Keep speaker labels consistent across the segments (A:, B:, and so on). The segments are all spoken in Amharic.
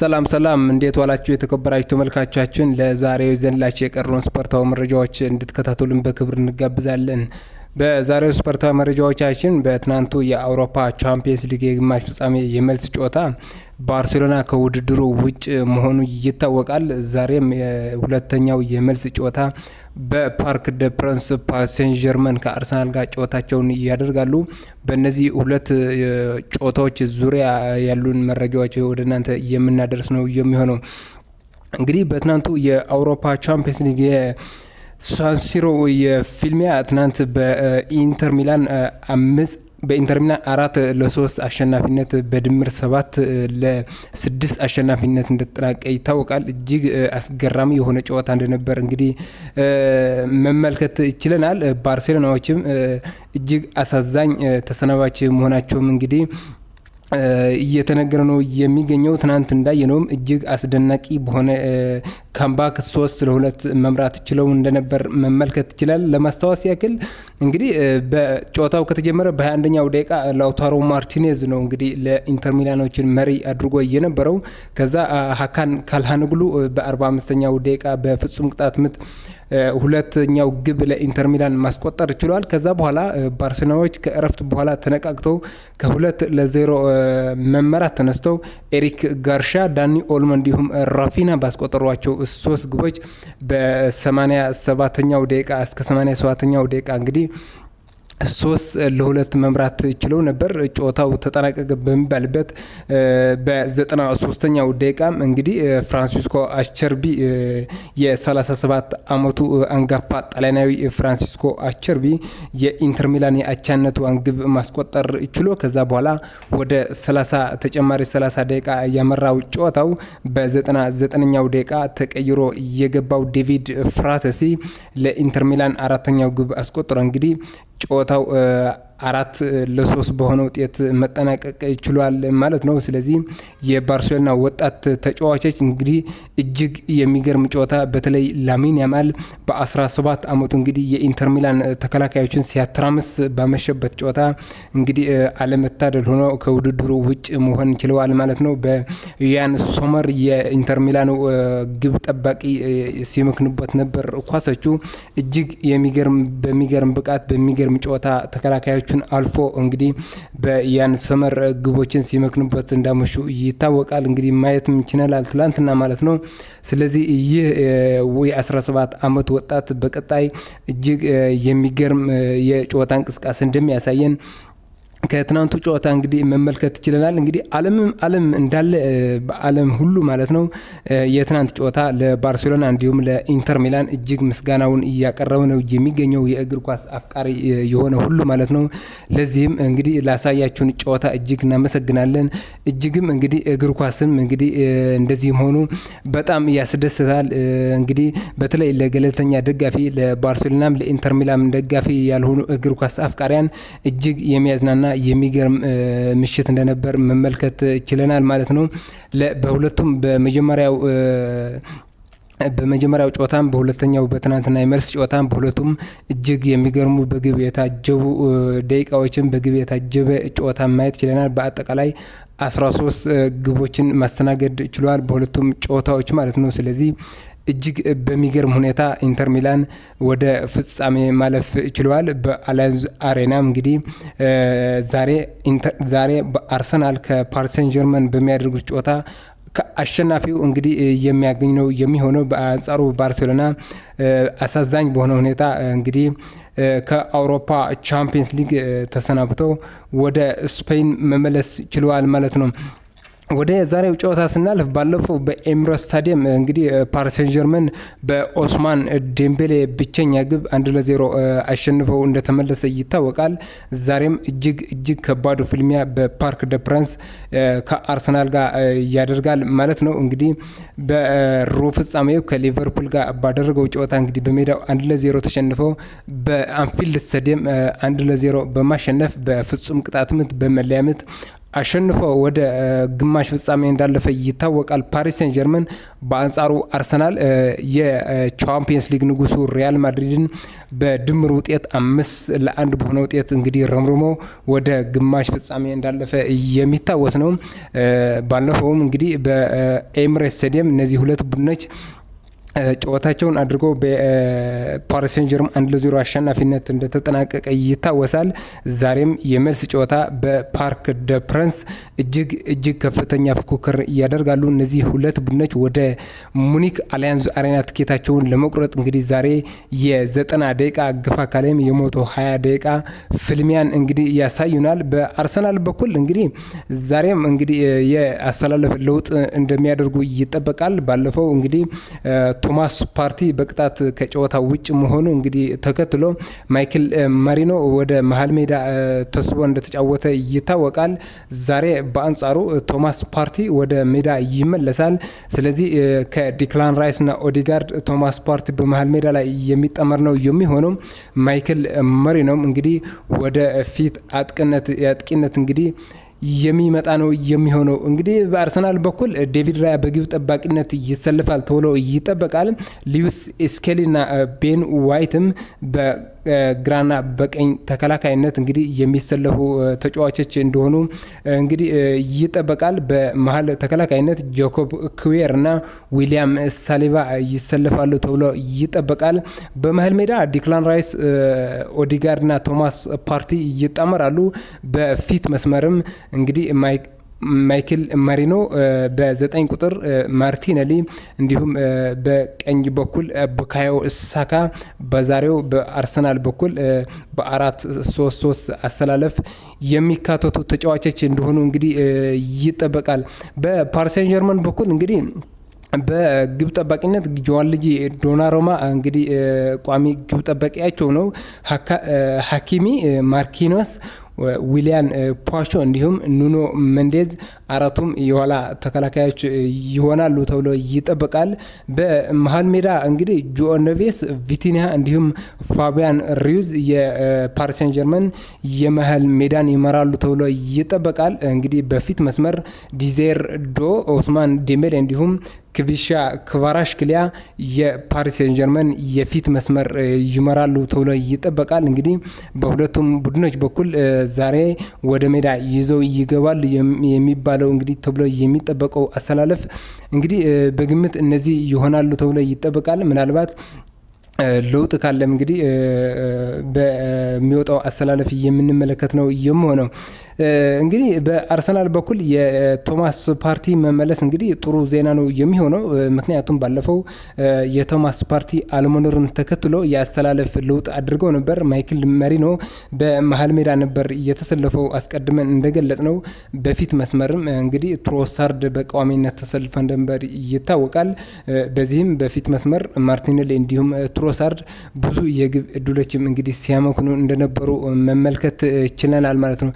A: ሰላም ሰላም እንዴት ዋላችሁ የተከበራችሁ ተመልካቻችን፣ ለዛሬው ዘንላችሁ የቀረውን ስፖርታዊ መረጃዎች እንድትከታተሉን በክብር እንጋብዛለን። በዛሬው ስፖርታዊ መረጃዎቻችን በትናንቱ የአውሮፓ ቻምፒየንስ ሊግ የግማሽ ፍጻሜ የመልስ ጨዋታ ባርሴሎና ከውድድሩ ውጭ መሆኑ ይታወቃል። ዛሬም ሁለተኛው የመልስ ጨዋታ በፓርክ ደ ፕረንስ ፓሴን ጀርመን ከአርሰናል ጋር ጨዋታቸውን ያደርጋሉ። በእነዚህ ሁለት ጨዋታዎች ዙሪያ ያሉን መረጃዎች ወደ እናንተ የምናደርስ ነው የሚሆነው። እንግዲህ በትናንቱ የአውሮፓ ቻምፒየንስ ሊግ ሳንሲሮ የፊልሚያ ትናንት በኢንተር ሚላን አምስት በኢንተር ሚላን አራት ለሶስት አሸናፊነት በድምር ሰባት ለስድስት አሸናፊነት እንደተጠናቀ ይታወቃል። እጅግ አስገራሚ የሆነ ጨዋታ እንደነበር እንግዲህ መመልከት ይችለናል። ባርሴሎናዎችም እጅግ አሳዛኝ ተሰናባች መሆናቸውም እንግዲህ እየተነገረ ነው የሚገኘው። ትናንት እንዳየነውም እጅግ አስደናቂ በሆነ ካምባክ ሶስት ለሁለት መምራት ችለው እንደነበር መመልከት ይችላል። ለማስታወስ ያክል እንግዲህ በጨዋታው ከተጀመረ በ21ኛው ደቂቃ ላውታሮ ማርቲኔዝ ነው እንግዲህ ለኢንተር ሚላኖችን መሪ አድርጎ የነበረው። ከዛ ሀካን ካልሃንግሉ በ45ኛው ደቂቃ በፍጹም ቅጣት ምት ሁለተኛው ግብ ለኢንተር ሚላን ማስቆጠር ችሏል። ከዛ በኋላ ባርሴሎናዎች ከእረፍት በኋላ ተነቃቅተው ከሁለት ለዜሮ መመራት ተነስተው ኤሪክ ጋርሻ፣ ዳኒ ኦልሞ እንዲሁም ራፊና ባስቆጠሯቸው ሶስት ግቦች በ87ኛው ደቂቃ እስከ 87ኛው ደቂቃ እንግዲህ ሶስት ለሁለት መምራት ችለው ነበር። ጨዋታው ተጠናቀቀ በሚባልበት በዘጠና ሶስተኛው ደቂቃም እንግዲህ ፍራንሲስኮ አቸርቢ የ37 ዓመቱ አንጋፋ ጣሊያናዊ ፍራንሲስኮ አቸርቢ የኢንተር ሚላን የአቻነቱን ግብ ማስቆጠር ችሎ ከዛ በኋላ ወደ 30 ተጨማሪ 30 ደቂቃ ያመራው ጨዋታው በ99ኛው ደቂቃ ተቀይሮ የገባው ዴቪድ ፍራተሲ ለኢንተር ሚላን አራተኛው ግብ አስቆጥሮ እንግዲህ ጨዋታው አራት ለሶስት በሆነ ውጤት መጠናቀቅ ችሏል ማለት ነው። ስለዚህ የባርሴሎና ወጣት ተጫዋቾች እንግዲህ እጅግ የሚገርም ጨዋታ በተለይ ላሚን ያማል በ17 ዓመቱ እንግዲህ የኢንተር ሚላን ተከላካዮችን ሲያተራምስ ባመሸበት ጨዋታ እንግዲህ አለመታደል ሆኖ ከውድድሩ ውጭ መሆን ችለዋል ማለት ነው። በያን ሶመር የኢንተር ሚላኑ ግብ ጠባቂ ሲመክንበት ነበር ኳሶቹ እጅግ የሚገርም በሚገርም ብቃት በሚገርም ጨዋታ ተከላካዮች ጉዳዮቹን አልፎ እንግዲህ በያን ሶመር ግቦችን ሲመክኑበት እንዳመሹ ይታወቃል። እንግዲህ ማየት ችለናል፣ ትላንትና ማለት ነው። ስለዚህ ይህ የ17 ዓመት ወጣት በቀጣይ እጅግ የሚገርም የጨዋታ እንቅስቃሴ እንደሚያሳየን ከትናንቱ ጨዋታ እንግዲህ መመልከት ችለናል። እንግዲህ ዓለምም ዓለም እንዳለ በዓለም ሁሉ ማለት ነው የትናንት ጨዋታ ለባርሴሎና እንዲሁም ለኢንተር ሚላን እጅግ ምስጋናውን እያቀረበ ነው የሚገኘው የእግር ኳስ አፍቃሪ የሆነ ሁሉ ማለት ነው። ለዚህም እንግዲህ ላሳያችሁን ጨዋታ እጅግ እናመሰግናለን። እጅግም እንግዲህ እግር ኳስም እንግዲህ እንደዚህም ሆኑ በጣም ያስደስታል። እንግዲህ በተለይ ለገለልተኛ ደጋፊ ለባርሴሎናም ለኢንተር ሚላን ደጋፊ ያልሆኑ እግር ኳስ አፍቃሪያን እጅግ የሚያዝናና የሚገርም ምሽት እንደነበር መመልከት ችለናል ማለት ነው። በሁለቱም በመጀመሪያው በመጀመሪያው ጨዋታም በሁለተኛው በትናንትና የመልስ ጨዋታም በሁለቱም እጅግ የሚገርሙ በግብ የታጀቡ ደቂቃዎችን በግብ የታጀበ ጨዋታ ማየት ችለናል። በአጠቃላይ 13 ግቦችን ማስተናገድ ችሏል በሁለቱም ጨዋታዎች ማለት ነው። ስለዚህ እጅግ በሚገርም ሁኔታ ኢንተር ሚላን ወደ ፍጻሜ ማለፍ ችለዋል። በአላያንዝ አሬና እንግዲህ ዛሬ በአርሰናል ከፓሪሰን ጀርመን በሚያደርጉት ጨዋታ ከአሸናፊው እንግዲህ የሚያገኝ ነው የሚሆነው። በአንጻሩ ባርሴሎና አሳዛኝ በሆነ ሁኔታ እንግዲህ ከአውሮፓ ቻምፒየንስ ሊግ ተሰናብተው ወደ ስፔን መመለስ ችለዋል ማለት ነው። ወደ ዛሬው ጨዋታ ስናልፍ ባለፈው በኤምሮ ስታዲየም እንግዲህ ፓሪስ ሴን ጀርመን በኦስማን ዴምቤሌ ብቸኛ ግብ አንድ ለዜሮ አሸንፈው እንደተመለሰ ይታወቃል። ዛሬም እጅግ እጅግ ከባዱ ፍልሚያ በፓርክ ደ ፕረንስ ከአርሰናል ጋር ያደርጋል ማለት ነው። እንግዲህ በሩብ ፍጻሜው ከሊቨርፑል ጋር ባደረገው ጨዋታ እንግዲህ በሜዳው አንድ ለዜሮ ተሸንፈው በአንፊልድ ስታዲየም አንድ ለዜሮ በማሸነፍ በፍጹም ቅጣት ምት በመለያ ምት አሸንፎ ወደ ግማሽ ፍጻሜ እንዳለፈ ይታወቃል። ፓሪስ ሴን ጀርመን በአንጻሩ አርሰናል የቻምፒየንስ ሊግ ንጉሱ ሪያል ማድሪድን በድምር ውጤት አምስት ለአንድ በሆነ ውጤት እንግዲህ ረምርሞ ወደ ግማሽ ፍጻሜ እንዳለፈ የሚታወስ ነው። ባለፈውም እንግዲህ በኤምሬትስ ስቴዲየም እነዚህ ሁለት ቡድኖች ጨዋታቸውን አድርጎ በፓሪስ ሴን ጀርመን አንድ ለዜሮ አሸናፊነት እንደተጠናቀቀ ይታወሳል። ዛሬም የመልስ ጨዋታ በፓርክ ደ ፕረንስ እጅግ እጅግ ከፍተኛ ፉክክር ያደርጋሉ። እነዚህ ሁለት ቡድኖች ወደ ሙኒክ አሊያንዝ አሬና ትኬታቸውን ለመቁረጥ እንግዲህ ዛሬ የዘጠና ደቂቃ ግፋ ካላይም የሞቶ ሀያ ደቂቃ ፍልሚያን እንግዲህ ያሳዩናል። በአርሰናል በኩል እንግዲህ ዛሬም እንግዲህ የአሰላለፍ ለውጥ እንደሚያደርጉ ይጠበቃል። ባለፈው እንግዲህ ቶማስ ፓርቲ በቅጣት ከጨዋታ ውጭ መሆኑ እንግዲህ ተከትሎ ማይክል ማሪኖ ወደ መሀል ሜዳ ተስቦ እንደተጫወተ ይታወቃል። ዛሬ በአንጻሩ ቶማስ ፓርቲ ወደ ሜዳ ይመለሳል። ስለዚህ ከዲክላን ራይስ ኦዲጋርድ ቶማስ ፓርቲ በመሀል ሜዳ ላይ የሚጠመር ነው የሚሆነው። ማይክል መሪኖም እንግዲህ ወደ ፊት አጥቂነት እንግዲህ የሚመጣ ነው የሚሆነው። እንግዲህ በአርሰናል በኩል ዴቪድ ራያ በግብ ጠባቂነት ይሰልፋል ተብሎ ይጠበቃል። ሊዊስ ስኬሊና ቤን ዋይትም ግራና በቀኝ ተከላካይነት እንግዲህ የሚሰለፉ ተጫዋቾች እንደሆኑ እንግዲህ ይጠበቃል። በመሀል ተከላካይነት ጃኮብ ክዌር እና ዊሊያም ሳሊባ ይሰለፋሉ ተብሎ ይጠበቃል። በመሀል ሜዳ ዲክላን ራይስ፣ ኦዲጋርድ እና ቶማስ ፓርቲ ይጣመራሉ። በፊት መስመርም እንግዲህ ማይክ ማይክል ማሪኖ በዘጠኝ ቁጥር ማርቲነሊ እንዲሁም በቀኝ በኩል ቡካዮ ሳካ በዛሬው በአርሰናል በኩል በአራት ሶስት ሶስት አሰላለፍ የሚካተቱ ተጫዋቾች እንደሆኑ እንግዲህ ይጠበቃል። በፓሪሰን ጀርመን በኩል እንግዲህ በግብ ጠባቂነት ጆዋን ልጂ ዶናሮማ እንግዲህ ቋሚ ግብ ጠባቂያቸው ነው። ሀኪሚ ማርኪኖስ ዊሊያን ፓሾ እንዲሁም ኑኖ መንዴዝ አራቱም የኋላ ተከላካዮች ይሆናሉ ተብሎ ይጠበቃል። በመሀል ሜዳ እንግዲህ ጆኦነቬስ፣ ቪቲኒያ እንዲሁም ፋቢያን ሪዩዝ የፓሪስ ጀርመን የመሀል ሜዳን ይመራሉ ተብሎ ይጠበቃል። እንግዲህ በፊት መስመር ዲዜር ዶ፣ ኦስማን ዴሜል እንዲሁም ክቪሻ ክቫራሽክሊያ የፓሪስ ሴን ጀርመን የፊት መስመር ይመራሉ ተብሎ ይጠበቃል። እንግዲህ በሁለቱም ቡድኖች በኩል ዛሬ ወደ ሜዳ ይዘው ይገባል የሚባለው እንግዲህ ተብሎ የሚጠበቀው አሰላለፍ እንግዲህ በግምት እነዚህ ይሆናሉ ተብሎ ይጠበቃል። ምናልባት ለውጥ ካለም እንግዲህ በሚወጣው አሰላለፍ የምንመለከት ነው የምሆነው። እንግዲህ በአርሰናል በኩል የቶማስ ፓርቲ መመለስ እንግዲህ ጥሩ ዜና ነው የሚሆነው። ምክንያቱም ባለፈው የቶማስ ፓርቲ አለመኖርን ተከትሎ የአሰላለፍ ለውጥ አድርገው ነበር። ማይክል መሪኖ በመሀል ሜዳ ነበር እየተሰለፈው አስቀድመን እንደገለጽ ነው በፊት መስመርም እንግዲህ ትሮሳርድ በቋሚነት ተሰልፈ እንደነበር ይታወቃል። በዚህም በፊት መስመር ማርቲኔሊ እንዲሁም ትሮሳርድ ብዙ የግብ እድሎችም እንግዲህ ሲያመክኑ እንደነበሩ መመልከት ችለናል ማለት ነው።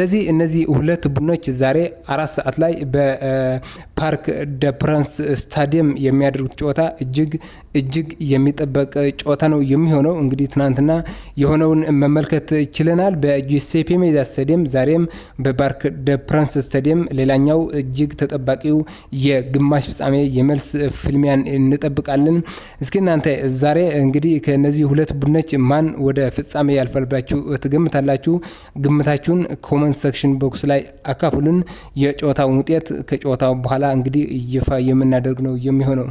A: ስለዚህ እነዚህ ሁለት ቡድኖች ዛሬ አራት ሰዓት ላይ በፓርክ ደ ፕራንስ ስታዲየም የሚያደርጉት ጨዋታ እጅግ እጅግ የሚጠበቅ ጨዋታ ነው የሚሆነው። እንግዲህ ትናንትና የሆነውን መመልከት ችለናል በጁሴፔ ሜዛ ስታዲየም፣ ዛሬም በፓርክ ደ ፕራንስ ስታዲየም። ሌላኛው እጅግ ተጠባቂው የግማሽ ፍጻሜ የመልስ ፍልሚያን እንጠብቃለን። እስኪ እናንተ ዛሬ እንግዲህ ከእነዚህ ሁለት ቡድኖች ማን ወደ ፍጻሜ ያልፋል ብላችሁ ትገምታላችሁ? ግምታችሁን ኮመንት ኮሜንት ሴክሽን ቦክስ ላይ አካፍሉን የጨዋታውን ውጤት። ከጨዋታው በኋላ እንግዲህ ይፋ የምናደርግ ነው የሚሆነው።